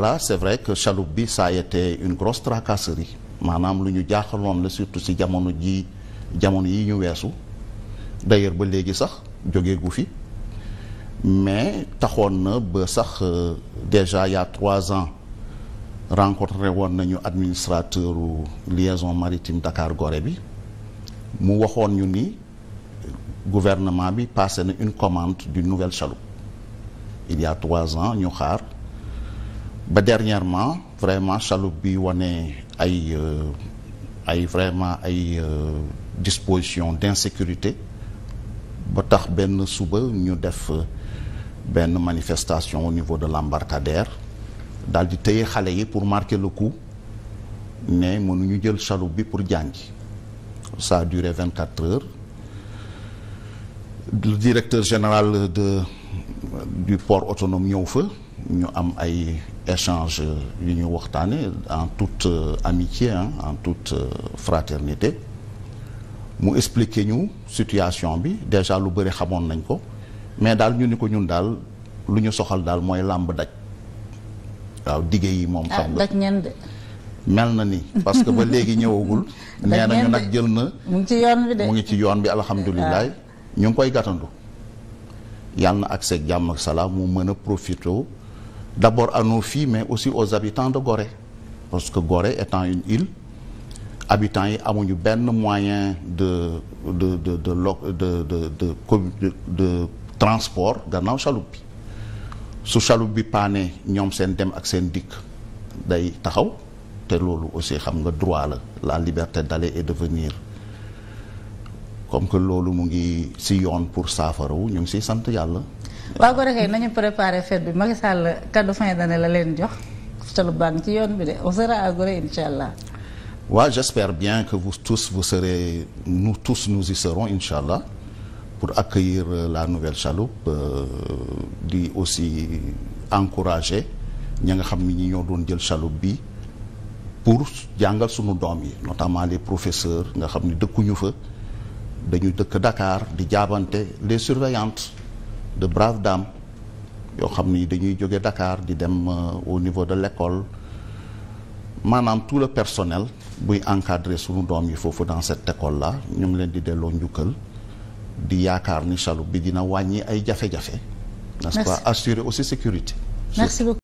voilà c'est vrai que chaloupe bi ça a été une grosse tracasserie maanaam lu ñu jaaxaloon la surtout si jamono ji jamono yi ñu weesu d'ailleurs ba léegi sax jógee gu fi mais taxoon na ba sax euh, déjà il y a trois ans rencontré woon nañu administrateur liaison maritime Dakar gore bi mu waxoon ñu ni gouvernement bi passé na une commande d'une nouvelle chaloupe il y trois ans ñu xaar ba dernièrement vraiment chaloupe bi wane ay euh, ay vraiment ay euh, disposition d'insécurité ba tax benn suba ñu def euh, benn manifestation au niveau de l'embarcadère daal di tëye xale yi pour marquer le ku ne mënuñu jël chaloupe bi pour jàngi ça a duré vingt quatre heures lu directeur général de du port autonome ñëw fa ñu am ay échange yu ñu waxtaane en tout euh, amitié hein, en toute euh, fraternité mu expliquer ñu situation bi déjà lu bëri xamoon nañ ko mais daal ñu ni ko ñun daal lu ñu soxal daal mooy làmb daj waaw diggé yi moom ah, xam nga mel na ni parce que ba léegi ñëwagul nee nañu nag jël na mu ngi ci yoon bi de mu ngi ah. ñu ngi koy gàttandu yàlla na ak seeg jàmm ak salaam mu mën a profité d'abord à nos filles mais aussi aux habitants de Gorée parce que Gorée étant une île habitants yi amuñu benn moyen de de de de de de de de transport gannaaw chaloupe bi su chaloupe bi paane ñoom seen dem ak seen dikk day taxaw te loolu aussi xam nga droit la la liberté d'aller et de venir comme que loolu mu ngi si yoon pour saafarawu ñu ngi ciy sant yàlla. waaw ko defee nañu préparé fête bi Macky Sall cadeau fin d'année la leen jox talu baan ci yoon bi de on sera à Gorée incha allah. waaw j'espère bien que vous tous vous serez nous tous nous y serons incha allah pour accueillir euh, la nouvelle chaloupe euh, di aussi encourager ña nga xam ni ñi ñoo doon jël chaloupe bi pour jàngal sunu doom yi notamment les professeurs nga xam ni dëkkuñu fa dañu dëkk dakaar di jaabante les surveillantes de braves dames yoo xam ni dañuy jóge Dakar di dem euh, au niveau de l'école maanaam tout le personnel buy encadrer suñu doom yi foofu dans cette école la ñu ngi leen di delloo njukkal di yaakaar ni chaloupe bi dina wàññi ay jafe-jafe n'est-ce pas assurer aussi sécurité merci beaucoup